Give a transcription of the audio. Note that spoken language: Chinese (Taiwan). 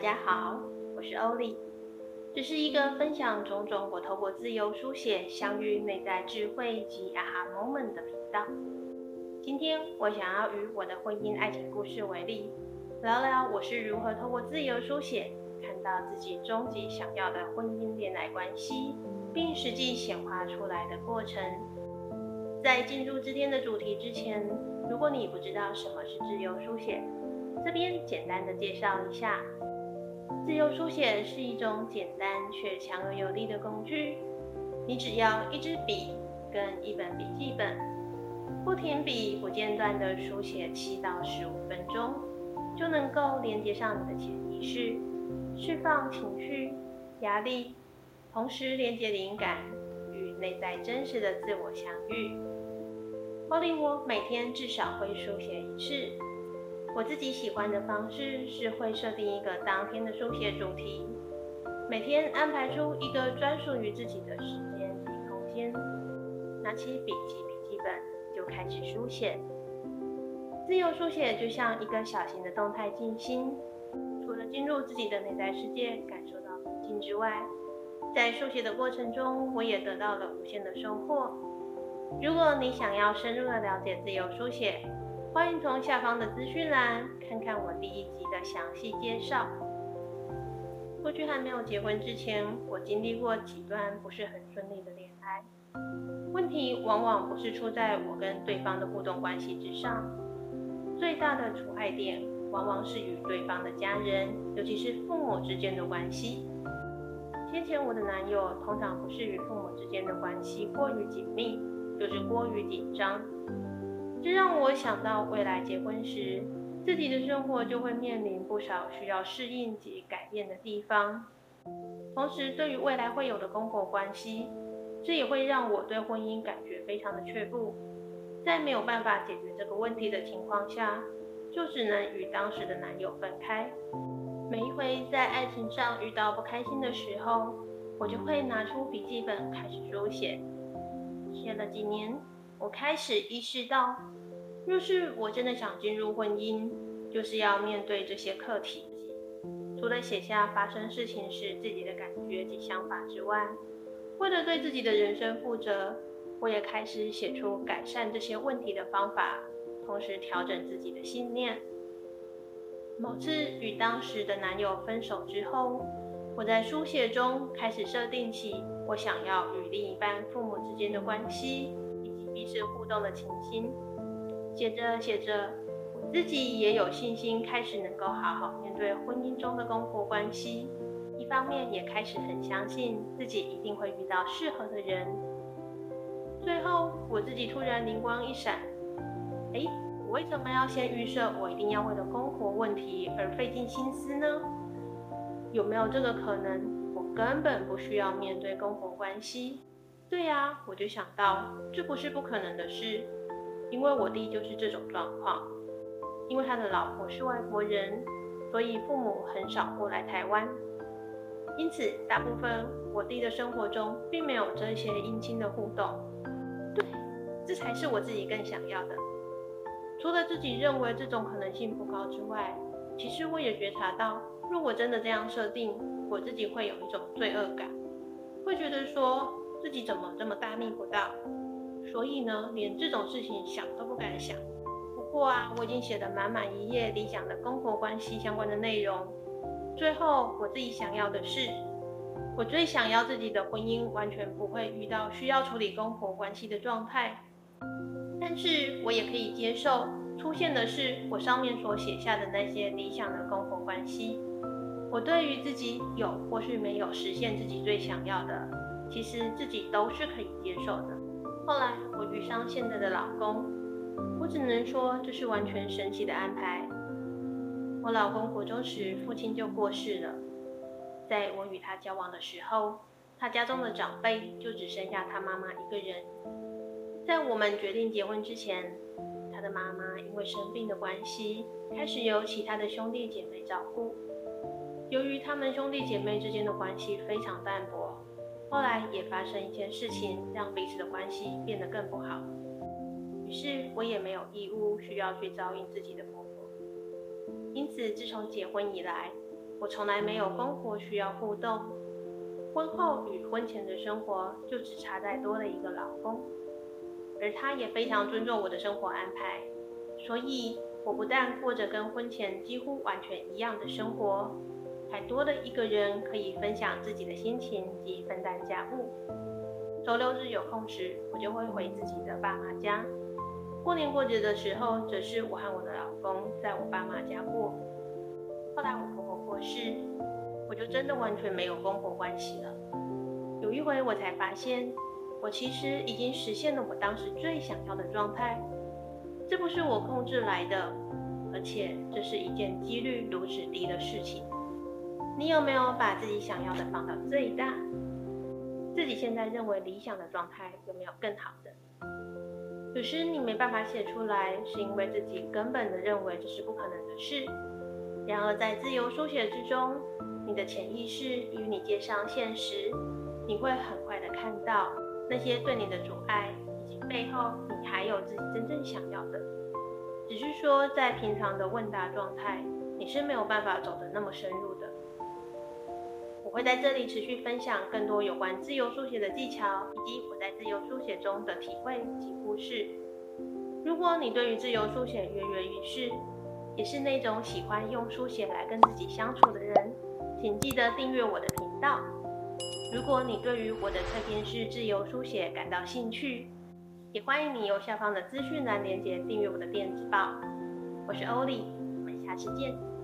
大家好，我是 Oli，這是一個分享種種我透過自由書寫相遇內在智慧及 aha moment 的頻道。今天我想要以我的婚姻愛情故事為例，聊聊我是如何透過自由書寫，看到自己終極想要的婚姻戀愛關係，並實際顯化出來的過程。在進入這天的主題之前，如果你不知道什麼是自由書寫，這邊簡單的介紹一下。自由書寫是一種簡單卻強而有力的工具。你只要一支筆跟一本筆記本，不停筆、不間斷的書寫七到十五分鐘，就能夠連接上你的潛意識，釋放情緒、壓力，同時連接靈感，與內在真實的自我相遇。Oli，我每天至少會書寫一次。我自己喜歡的方式是會設定一個當天的書寫主題，每天安排出一個專屬於自己的時間與空間，拿起筆記筆記本就開始書寫。自由書寫就像一個小型的動態靜心，除了進入自己的內在世界，感受到寧靜之外，在書寫的過程中，我也得到了無限的收穫。如果你想要深入的了解自由書寫，歡迎從下方的資訊欄看看我第一集的詳細介紹。過去還沒有結婚之前，我經歷過幾段不是很順利的戀愛。問題往往不是出在我跟對方的互動關係之上，最大的阻礙點往往是與對方的家人，尤其是父母之間的關係。先前我的男友通常不是與父母之間的關係過於緊密，就是過於緊張。這讓我想到未來結婚時，自己的生活就會面臨不少需要適應及改變的地方。同時，對於未來會有的公婆關係，這也會讓我對婚姻感覺非常的卻步。在沒有辦法解決這個問題的情況下，就只能與當時的男友分開。每一回在愛情上遇到不開心的時候，我就會拿出筆記本開始書寫，寫了幾年。我開始意識到，若是我真的想進入婚姻，就是要面對這些課題。除了寫下發生事情時自己的感覺及想法之外，為了對自己的人生負責，我也開始寫出改善這些問題的方法，同時調整自己的信念。某次與當時的男友分手之後，我在書寫中開始設定起我想要與另一半父母之間的關係。彼此互動的情形，寫着寫着，我自己也有信心開始能夠好好面對婚姻中的公婆關係。一方面，也開始很相信自己一定會遇到適合的人。最後，我自己突然靈光一閃，哎，我為什麼要先預設我一定要為了公婆問題而費盡心思呢？有沒有這個可能？我根本不需要面對公婆關係。對呀、啊，我就想到這不是不可能的事，因為我弟就是這種狀況。因為他的老婆是外國人，所以父母很少過來台灣，因此大部分我弟的生活中並沒有這些姻親的互動。對，這才是我自己更想要的。除了自己認為這種可能性不高之外，其實我也覺察到，如果真的這樣設定，我自己會有一種罪惡感，會覺得說，自己怎麼這麼大逆不道？所以呢，連這種事情想都不敢想。不過啊，我已經寫了滿滿一頁理想的公婆關係相關的內容。最後，我自己想要的是，我最想要自己的婚姻完全不會遇到需要處理公婆關係的狀態。但是我也可以接受出現的是我上面所寫下的那些理想的公婆關係。我對於自己有或是沒有實現自己最想要的。其實自己都是可以接受的。後來我遇上現在的老公，我只能說這是完全神奇的安排。我老公國中時父親就過世了，在我與他交往的時候，他家中的長輩就只剩下他媽媽一個人。在我們決定結婚之前，他的媽媽因為生病的關係，開始由其他的兄弟姐妹照顧。由於他們兄弟姐妹之間的關係非常淡薄，後來也發生一件事情，讓彼此的關係變得更不好。於是，我也沒有義務需要去照應自己的婆婆。因此，自從結婚以來，我從來沒有公婆需要互動。婚後與婚前的生活就只差在多了一個老公，而他也非常尊重我的生活安排。所以，我不但過着跟婚前幾乎完全一樣的生活。還多了一個人可以分享自己的心情及分擔家務。周六日有空時，我就會回自己的爸媽家。過年過節的時候，則是我和我的老公在我爸媽家過。後來我婆婆過世，我就真的完全沒有公婆關係了。有一回，我才發現，我其實已經實現了我當時最想要的狀態。這不是我控制來的，而且這是一件幾率如此低的事情。你有沒有把自己想要的放到最大？自己現在認為理想的狀態有沒有更好的？有時你沒辦法寫出來，是因為自己根本的認為這是不可能的事。然而在自由書寫之中，你的潛意識與你接上現實，你會很快的看到那些對你的阻礙，以及背後你還有自己真正想要的。只是說在平常的問答狀態，你是沒有辦法走得那麼深入的。我會在這裡持續分享更多有關自由書寫的技巧，以及我在自由書寫中的體會及故事。如果你對於自由書寫躍躍欲試，也是那種喜歡用書寫來跟自己相處的人，請記得訂閱我的頻道。如果你對於我的側邊是自由書寫感到興趣，也歡迎你由下方的資訊欄連接訂閱我的電子報。我是 Oli，我們下次見。